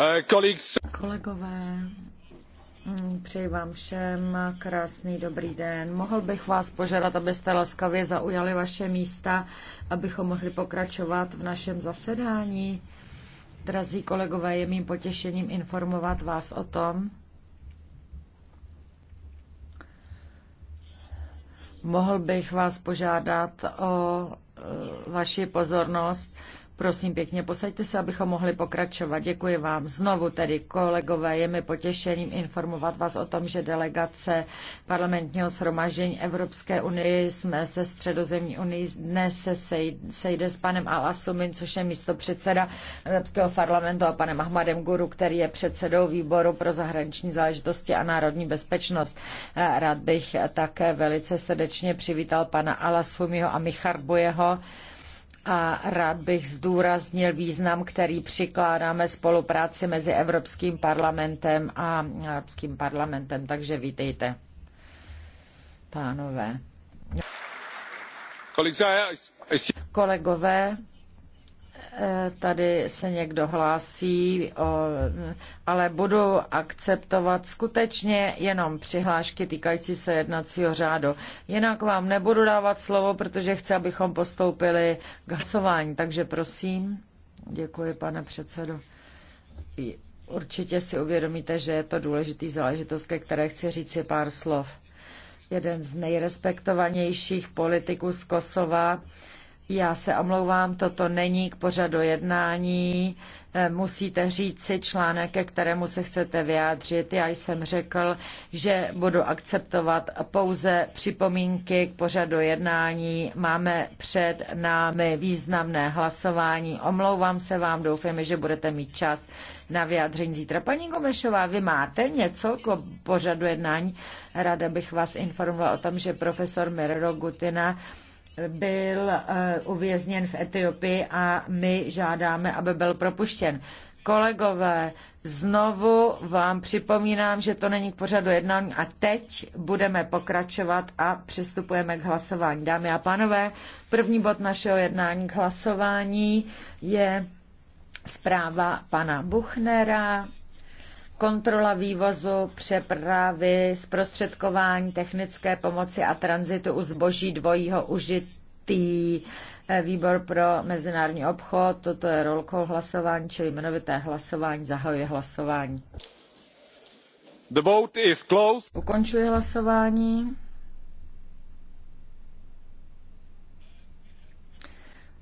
Eh, kolegové, mm, přeji vám všem krásný dobrý den. Mohl bych vás požádat, abyste laskavě zaujali vaše místa, abychom mohli pokračovat v našem zasedání. Drazí kolegové, je mým potěšením informovat vás o tom, Mohl bych vás požádat o eh, vaši pozornost Prosím pěkně, posaďte se, abychom mohli pokračovat. Děkuji vám znovu tedy, kolegové. Je mi potěšením informovat vás o tom, že delegace parlamentního shromažení Evropské unie jsme se středozemní unii dnes se sejde s panem Alasumin, což je místo předseda Evropského parlamentu a panem Ahmadem Guru, který je předsedou výboru pro zahraniční záležitosti a národní bezpečnost. Rád bych také velice srdečně přivítal pana Alasumiho a Micharbujeho. Bujeho a rád bych zdůraznil význam, který přikládáme spolupráci mezi Evropským parlamentem a Arabským parlamentem. Takže vítejte, pánové. Kolegové, Tady se někdo hlásí, ale budu akceptovat skutečně jenom přihlášky týkající se jednacího řádu. Jinak vám nebudu dávat slovo, protože chci, abychom postoupili k hlasování. Takže prosím. Děkuji, pane předsedo. Určitě si uvědomíte, že je to důležitý záležitost, ke které chci říct si pár slov. Jeden z nejrespektovanějších politiků z Kosova já se omlouvám, toto není k pořadu jednání. Eh, musíte říct si článek, ke kterému se chcete vyjádřit. Já jsem řekl, že budu akceptovat pouze připomínky k pořadu jednání. Máme před námi významné hlasování. Omlouvám se vám, Doufáme, že budete mít čas na vyjádření zítra. Paní Gomešová, vy máte něco k pořadu jednání? Ráda bych vás informovala o tom, že profesor Mirro Gutina byl eh, uvězněn v Etiopii a my žádáme, aby byl propuštěn. Kolegové, znovu vám připomínám, že to není k pořadu jednání a teď budeme pokračovat a přistupujeme k hlasování. Dámy a pánové, první bod našeho jednání k hlasování je zpráva pana Buchnera kontrola vývozu, přepravy, zprostředkování technické pomoci a tranzitu u zboží dvojího užitý eh, výbor pro mezinárodní obchod, toto je rolkou hlasování, čili jmenovité hlasování, zahajuje hlasování. The vote is closed. Ukončuji hlasování.